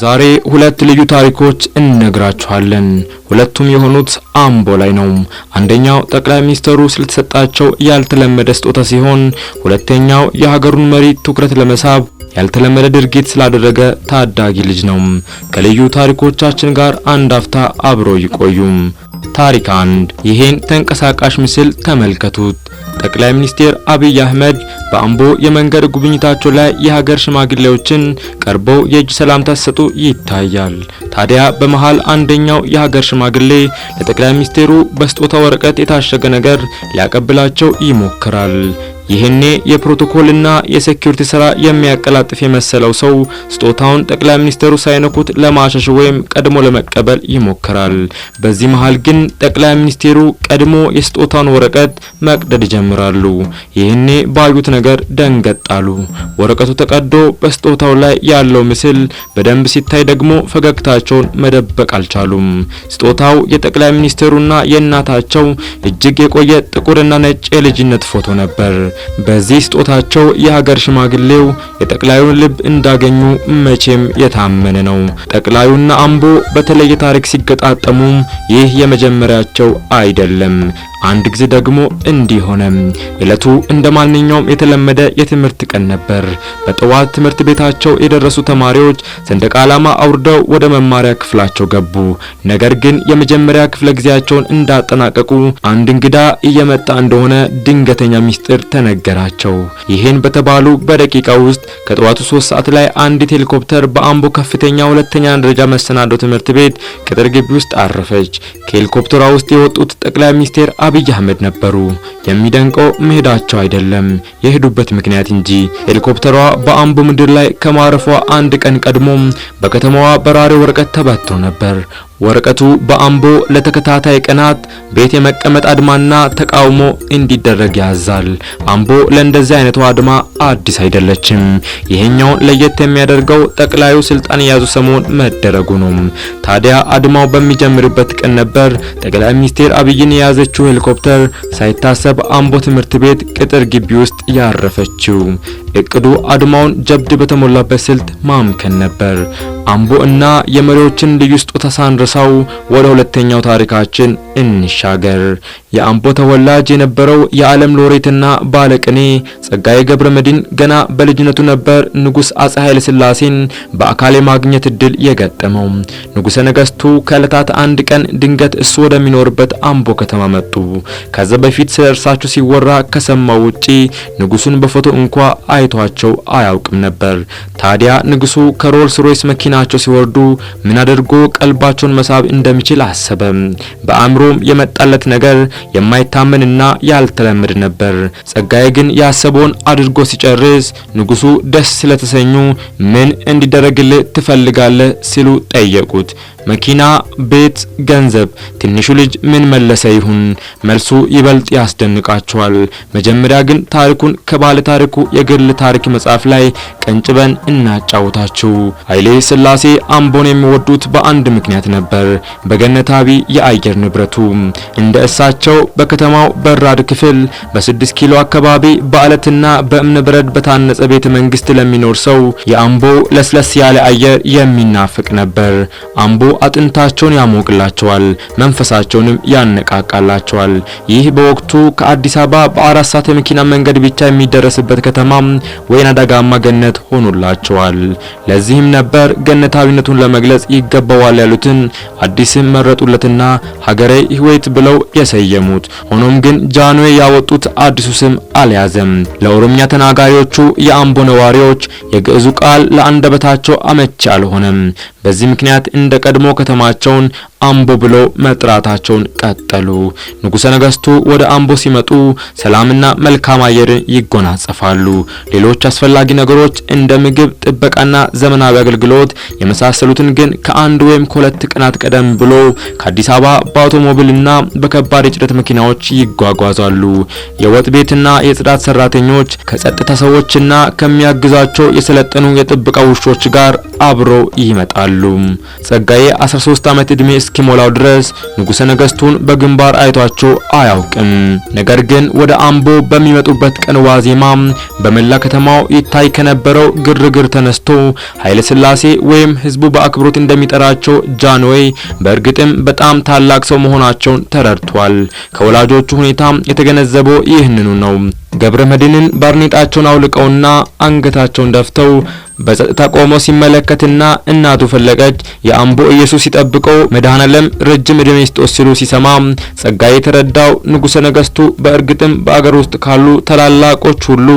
ዛሬ ሁለት ልዩ ታሪኮች እንነግራችኋለን። ሁለቱም የሆኑት አምቦ ላይ ነው። አንደኛው ጠቅላይ ሚኒስትሩ ስለተሰጣቸው ያልተለመደ ስጦታ ሲሆን፣ ሁለተኛው የሀገሩን መሪ ትኩረት ለመሳብ ያልተለመደ ድርጊት ስላደረገ ታዳጊ ልጅ ነው። ከልዩ ታሪኮቻችን ጋር አንድ አፍታ አብረው ይቆዩ። ታሪክ አንድ። ይሄን ተንቀሳቃሽ ምስል ተመልከቱት። ጠቅላይ ሚኒስትር አብይ አህመድ በአምቦ የመንገድ ጉብኝታቸው ላይ የሀገር ሽማግሌዎችን ቀርበው የእጅ ሰላምታ ሲሰጡ ይታያል። ታዲያ በመሃል አንደኛው የሀገር ሽማግሌ ለጠቅላይ ሚኒስትሩ በስጦታ ወረቀት የታሸገ ነገር ሊያቀብላቸው ይሞክራል። ይህኔ የፕሮቶኮልና የሴኩሪቲ ስራ የሚያቀላጥፍ የመሰለው ሰው ስጦታውን ጠቅላይ ሚኒስትሩ ሳይነኩት ለማሸሽ ወይም ቀድሞ ለመቀበል ይሞክራል። በዚህ መሃል ግን ጠቅላይ ሚኒስትሩ ቀድሞ የስጦታውን ወረቀት መቅደድ ይጀምራሉ። ይህኔ ባዩት ነገር ደንገጣሉ። ወረቀቱ ተቀዶ በስጦታው ላይ ያለው ምስል በደንብ ሲታይ ደግሞ ፈገግታቸውን መደበቅ አልቻሉም። ስጦታው የጠቅላይ ሚኒስትሩና የእናታቸው እጅግ የቆየ ጥቁርና ነጭ የልጅነት ፎቶ ነበር። በዚህ ስጦታቸው የሀገር ሽማግሌው የጠቅላዩን ልብ እንዳገኙ መቼም የታመነ ነው። ጠቅላዩና አምቦ በተለየ ታሪክ ሲገጣጠሙም ይህ የመጀመሪያቸው አይደለም። አንድ ጊዜ ደግሞ እንዲህ ሆነ። እለቱ እንደ ማንኛውም የተለመደ የትምህርት ቀን ነበር። በጠዋት ትምህርት ቤታቸው የደረሱ ተማሪዎች ሰንደቅ ዓላማ አውርደው ወደ መማሪያ ክፍላቸው ገቡ። ነገር ግን የመጀመሪያ ክፍለ ጊዜያቸውን እንዳጠናቀቁ አንድ እንግዳ እየመጣ እንደሆነ ድንገተኛ ሚስጥር ተነገራቸው። ይህን በተባሉ በደቂቃ ውስጥ ከጠዋቱ ሶስት ሰዓት ላይ አንዲት ሄሊኮፕተር በአምቦ ከፍተኛ ሁለተኛ ደረጃ መሰናዶ ትምህርት ቤት ቅጥር ግቢ ውስጥ አረፈች። ከሄሊኮፕተሯ ውስጥ የወጡት ጠቅላይ ሚኒስቴር አብይ አህመድ ነበሩ። የሚደንቀው መሄዳቸው አይደለም የሄዱበት ምክንያት እንጂ ሄሊኮፕተሯ በአምቦ ምድር ላይ ከማረፏ አንድ ቀን ቀድሞ በከተማዋ በራሪ ወረቀት ተበትሮ ነበር። ወረቀቱ በአምቦ ለተከታታይ ቀናት ቤት የመቀመጥ አድማና ተቃውሞ እንዲደረግ ያዛል። አምቦ ለእንደዚህ አይነቱ አድማ አዲስ አይደለችም። ይሄኛውን ለየት የሚያደርገው ጠቅላዩ ስልጣን የያዙ ሰሞን መደረጉ ነው። ታዲያ አድማው በሚጀምርበት ቀን ነበር ጠቅላይ ሚኒስትር አብይን የያዘችው ሄሊኮፕተር ሳይታሰብ አምቦ ትምህርት ቤት ቅጥር ግቢ ውስጥ ያረፈችው። እቅዱ አድማውን ጀብድ በተሞላበት ስልት ማምከን ነበር። አምቦ እና የመሪዎችን ልዩ ስጦታ ሳንረ ስናደርሰው ወደ ሁለተኛው ታሪካችን እንሻገር። የአምቦ ተወላጅ የነበረው የዓለም ሎሬትና ባለቅኔ ጸጋዬ ገብረ መድኅን ገና በልጅነቱ ነበር ንጉሥ አጼ ኃይለ ሥላሴን በአካል የማግኘት እድል የገጠመው። ንጉሠ ነገሥቱ ከዕለታት አንድ ቀን ድንገት እሱ ወደሚኖርበት አምቦ ከተማ መጡ። ከዛ በፊት ስለ እርሳቸው ሲወራ ከሰማው ውጪ ንጉሱን በፎቶ እንኳ አይቷቸው አያውቅም ነበር። ታዲያ ንጉሱ ከሮልስ ሮይስ መኪናቸው ሲወርዱ ምን አድርጎ ቀልባቸውን መሳብ እንደሚችል አሰበ። በአእምሮም የመጣለት ነገር የማይታመንና ያልተለመደ ነበር። ጸጋዬ ግን ያሰበውን አድርጎ ሲጨርስ ንጉሱ ደስ ስለተሰኙ ምን እንዲደረግልህ ትፈልጋለህ ሲሉ ጠየቁት። መኪና፣ ቤት፣ ገንዘብ። ትንሹ ልጅ ምን መለሰ ይሁን? መልሱ ይበልጥ ያስደንቃቸዋል። መጀመሪያ ግን ታሪኩን ከባለ ታሪኩ የግል ታሪክ መጽሐፍ ላይ ቀንጭበን እናጫውታችሁ። ኃይሌ ሥላሴ አምቦን የሚወዱት በአንድ ምክንያት ነበር፣ በገነታዊ የአየር ንብረቱ እንደ እሳቸው መሆናቸው በከተማው በራድ ክፍል በ6 ኪሎ አካባቢ በአለትና በእብነ በታነጸ ቤተ መንግስት ለሚኖር ሰው የአምቦ ለስለስ ያለ አየር የሚናፍቅ ነበር። አምቦ አጥንታቸውን ያሞቅላቸዋል፣ መንፈሳቸውንም ያነቃቃላቸዋል። ይህ በወቅቱ ከአዲስ አበባ በአራት ሰዓት የመኪና መንገድ ብቻ የሚደረስበት ከተማ ወይና ደጋማ ገነት ሆኖላቸዋል። ለዚህም ነበር ገነታዊነቱን ለመግለጽ ይገባዋል ያሉትን አዲስም መረጡለትና ሀገሬ ህይወት ብለው የሰየ ሰየሙት። ሆኖም ግን ጃንዌ ያወጡት አዲሱ ስም አልያዘም። ለኦሮምኛ ተናጋሪዎቹ የአምቦ ነዋሪዎች የግዕዙ ቃል ለአንደበታቸው አመቺ አልሆነም። በዚህ ምክንያት እንደ ቀድሞ ከተማቸውን አምቦ ብለው መጥራታቸውን ቀጠሉ። ንጉሠ ነገሥቱ ወደ አምቦ ሲመጡ ሰላምና መልካም አየርን ይጎናጸፋሉ። ሌሎች አስፈላጊ ነገሮች እንደ ምግብ፣ ጥበቃና ዘመናዊ አገልግሎት የመሳሰሉትን ግን ከአንድ ወይም ከሁለት ቀናት ቀደም ብሎ ከአዲስ አበባ በአውቶሞቢልና በከባድ የጭነት የጭነት መኪናዎች ይጓጓዛሉ። የወጥ ቤትና የጽዳት ሰራተኞች ከጸጥታ ሰዎችና ከሚያግዛቸው የሰለጠኑ የጥበቃ ውሾች ጋር አብሮ ይመጣሉ። ጸጋዬ 13 ዓመት ዕድሜ እስኪሞላው ድረስ ንጉሠ ነገሥቱን በግንባር አይቷቸው አያውቅም። ነገር ግን ወደ አምቦ በሚመጡበት ቀን ዋዜማ በመላ ከተማው ይታይ ከነበረው ግርግር ተነስቶ ኃይለ ሥላሴ ወይም ሕዝቡ በአክብሮት እንደሚጠራቸው ጃንዌይ በእርግጥም በጣም ታላቅ ሰው መሆናቸውን ተረድቷል። ከወላጆቹ ሁኔታ የተገነዘበው ይህንኑ ነው። ገብረ መድህንን ባርኔጣቸውን አውልቀውና አንገታቸውን ደፍተው በጸጥታ ቆመው ሲመለከትና እናቱ ፈለቀች የአምቦ ኢየሱስ ሲጠብቀው መድኃኔዓለም ረጅም ዕድሜ ይስጦት ሲሉ ሲሰማ ጸጋዬ የተረዳው ንጉሠ ነገሥቱ በእርግጥም በአገር ውስጥ ካሉ ታላላቆች ሁሉ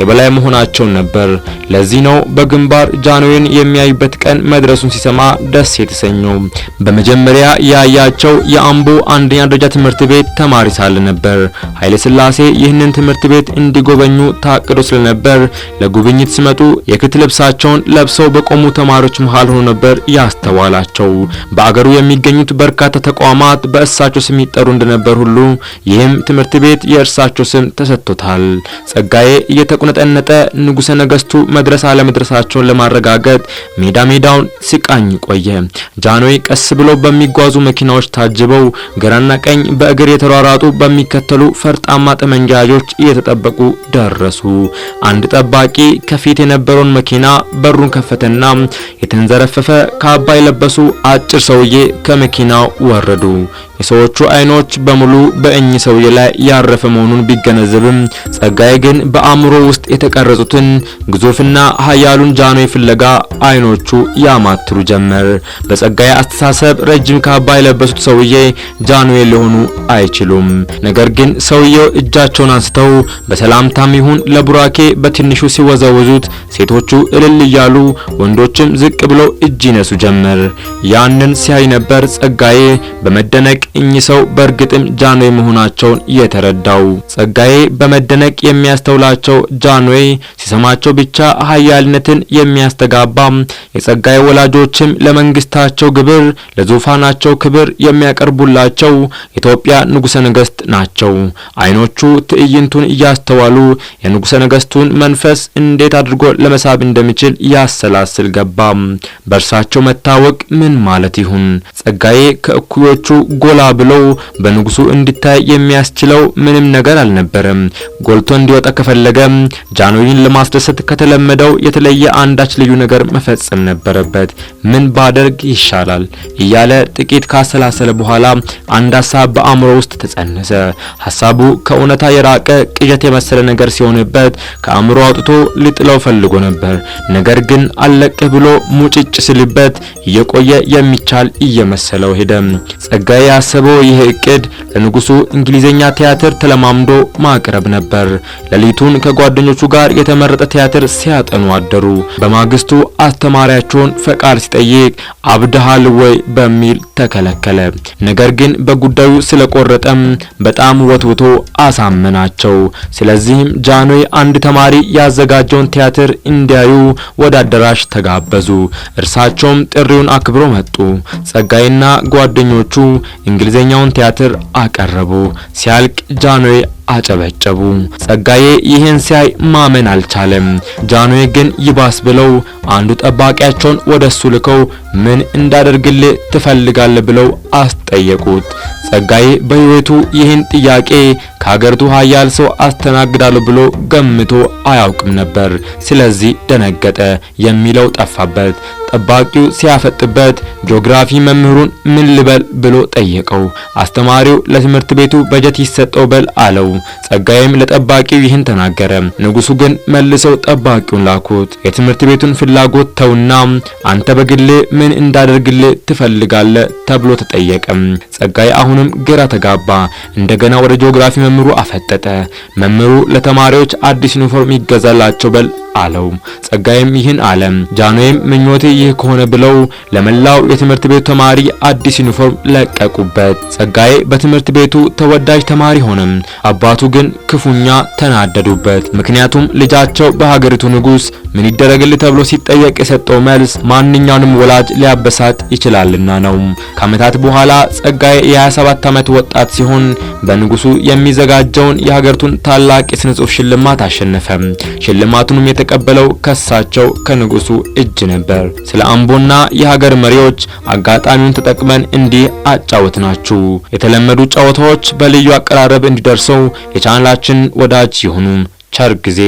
የበላይ መሆናቸውን ነበር። ለዚህ ነው በግንባር ጃንሆይን የሚያዩበት ቀን መድረሱን ሲሰማ ደስ የተሰኘው። በመጀመሪያ ያያቸው የአምቦ አንደኛ ደረጃ ትምህርት ቤት ተማሪ ሳለ ነበር። ኃይለ ሥላሴ ይህንን ትምህርት ቤት ጉብኝት እንዲጎበኙ ታቅዶ ስለነበር ለጉብኝት ሲመጡ የክት ልብሳቸውን ለብሰው በቆሙ ተማሪዎች መሃል ሆኖ ነበር ያስተዋላቸው። በአገሩ የሚገኙት በርካታ ተቋማት በእሳቸው ስም ይጠሩ እንደነበር ሁሉ ይህም ትምህርት ቤት የእርሳቸው ስም ተሰጥቶታል። ጸጋዬ እየተቁነጠነጠ ንጉሰ ነገስቱ መድረስ አለመድረሳቸውን ለማረጋገጥ ሜዳ ሜዳውን ሲቃኝ ቆየ። ጃንሆይ ቀስ ብሎ በሚጓዙ መኪናዎች ታጅበው ግራና ቀኝ በእግር የተሯሯጡ በሚከተሉ ፈርጣማ ጠመንጃዎች እየተጠ እየጠበቁ ደረሱ። አንድ ጠባቂ ከፊት የነበረውን መኪና በሩን ከፈተና የተንዘረፈፈ ካባ የለበሱ አጭር ሰውዬ ከመኪናው ወረዱ። የሰዎቹ አይኖች በሙሉ በእኚህ ሰውዬ ላይ ያረፈ መሆኑን ቢገነዘብም ጸጋዬ ግን በአእምሮ ውስጥ የተቀረጹትን ግዙፍና ኃያሉን ጃንሆይ ፍለጋ አይኖቹ ያማትሩ ጀመር። በጸጋዬ አስተሳሰብ ረጅም ካባ የለበሱት ሰውዬ ጃንሆይ ሊሆኑ አይችሉም። ነገር ግን ሰውዬው እጃቸውን አንስተው በሰላምታም ይሁን ለቡራኬ በትንሹ ሲወዘውዙት ሴቶቹ እልል እያሉ ወንዶችም ዝቅ ብለው እጅ ይነሱ ጀመር። ያንን ሲያይ ነበር ጸጋዬ በመደነቅ እኚህ ሰው በእርግጥም ጃንዌ መሆናቸውን የተረዳው። ጸጋዬ በመደነቅ የሚያስተውላቸው ጃንዌ ሲሰማቸው ብቻ ሀያልነትን የሚያስተጋባ የጸጋዬ ወላጆችም ለመንግስታቸው ግብር ለዙፋናቸው ክብር የሚያቀርቡላቸው የኢትዮጵያ ንጉሠ ነገሥት ናቸው። አይኖቹ ትዕይንቱን እያ ያስተዋሉ የንጉሠ ነገሥቱን መንፈስ እንዴት አድርጎ ለመሳብ እንደሚችል ያሰላስል ገባ። በእርሳቸው መታወቅ ምን ማለት ይሁን? ጸጋዬ ከእኩዮቹ ጎላ ብለው በንጉሱ እንዲታይ የሚያስችለው ምንም ነገር አልነበረም። ጎልቶ እንዲወጣ ከፈለገ ጃንሆይን ለማስደሰት ከተለመደው የተለየ አንዳች ልዩ ነገር መፈጸም ነበረበት። ምን ባደርግ ይሻላል እያለ ጥቂት ካሰላሰለ በኋላ አንድ ሀሳብ በአእምሮ ውስጥ ተጸነሰ። ሀሳቡ ከእውነታ የራቀ ቅዠት የመሰለ ነገር ሲሆንበት ከአእምሮ አውጥቶ ሊጥለው ፈልጎ ነበር። ነገር ግን አለቅህ ብሎ ሙጭጭ ስልበት እየቆየ የሚቻል እየመሰለው ሄደ። ጸጋዬ ያሰበው ይህ እቅድ ለንጉሱ እንግሊዘኛ ቲያትር ተለማምዶ ማቅረብ ነበር። ሌሊቱን ከጓደኞቹ ጋር የተመረጠ ቲያትር ሲያጠኑ አደሩ። በማግስቱ አስተማሪያቸውን ፈቃድ ሲጠይቅ አብድሃል ወይ በሚል ተከለከለ። ነገር ግን በጉዳዩ ስለቆረጠም በጣም ወትውቶ አሳመናቸው። ስለዚህም ጃንሆይ አንድ ተማሪ ያዘጋጀውን ቲያትር እንዲያዩ ወደ አዳራሽ ተጋበዙ። እርሳቸውም ጥሪውን አክብሮ መጡ። ጸጋይና ጓደኞቹ እንግሊዘኛውን ቲያትር አቀረቡ። ሲያልቅ ጃንሆይ አጨበጨቡ። ጸጋዬ ይህን ሲያይ ማመን አልቻለም። ጃንሆይ ግን ይባስ ብለው አንዱ ጠባቂያቸውን ወደሱ ልከው ምን እንዳደርግልህ ትፈልጋለህ ብለው አስጠየቁት። ጸጋዬ በሕይወቱ ይህን ጥያቄ ከሀገሪቱ ኃያል ሰው አስተናግዳለሁ ብሎ ገምቶ አያውቅም ነበር። ስለዚህ ደነገጠ፣ የሚለው ጠፋበት። ጠባቂው ሲያፈጥበት ጂኦግራፊ መምህሩን ምን ልበል ብሎ ጠየቀው። አስተማሪው ለትምህርት ቤቱ በጀት ይሰጠው በል አለው። ጸጋዬም ለጠባቂው ይህን ተናገረ። ንጉሱ ግን መልሰው ጠባቂውን ላኩት። የትምህርት ቤቱን ፍላጎት ተውና አንተ በግል ምን እንዳደርግል ትፈልጋለ ተብሎ ተጠየቀ። ጸጋዬ አሁንም ግራ ተጋባ። እንደገና ወደ ጂኦግራፊ መምህሩ አፈጠጠ። መምህሩ ለተማሪዎች አዲስ ዩኒፎርም ይገዛላቸው በል አለው። ጸጋዬም ይህን አለ። ጃንሆይም ምኞቴ ይህ ከሆነ ብለው ለመላው የትምህርት ቤቱ ተማሪ አዲስ ዩኒፎርም ለቀቁበት። ጸጋዬ በትምህርት ቤቱ ተወዳጅ ተማሪ ሆነም፣ አባቱ ግን ክፉኛ ተናደዱበት። ምክንያቱም ልጃቸው በሀገሪቱ ንጉስ ምን ይደረግልህ ተብሎ ሲጠየቅ የሰጠው መልስ ማንኛውንም ወላጅ ሊያበሳጭ ይችላልና ነው። ከአመታት በኋላ ጸጋዬ የ27 ዓመት ወጣት ሲሆን በንጉሱ የሚዘጋጀውን የሀገሪቱን ታላቅ የስነ ጽሁፍ ሽልማት አሸነፈ። ሽልማቱንም የተቀበለው ከሳቸው ከንጉሱ እጅ ነበር። ስለ አምቦና የሀገር መሪዎች አጋጣሚውን ተጠቅመን እንዲህ አጫወትናችሁ። የተለመዱ ጨዋታዎች በልዩ አቀራረብ እንዲደርሰው የቻናላችን ወዳጅ ይሁኑ። ቸር ጊዜ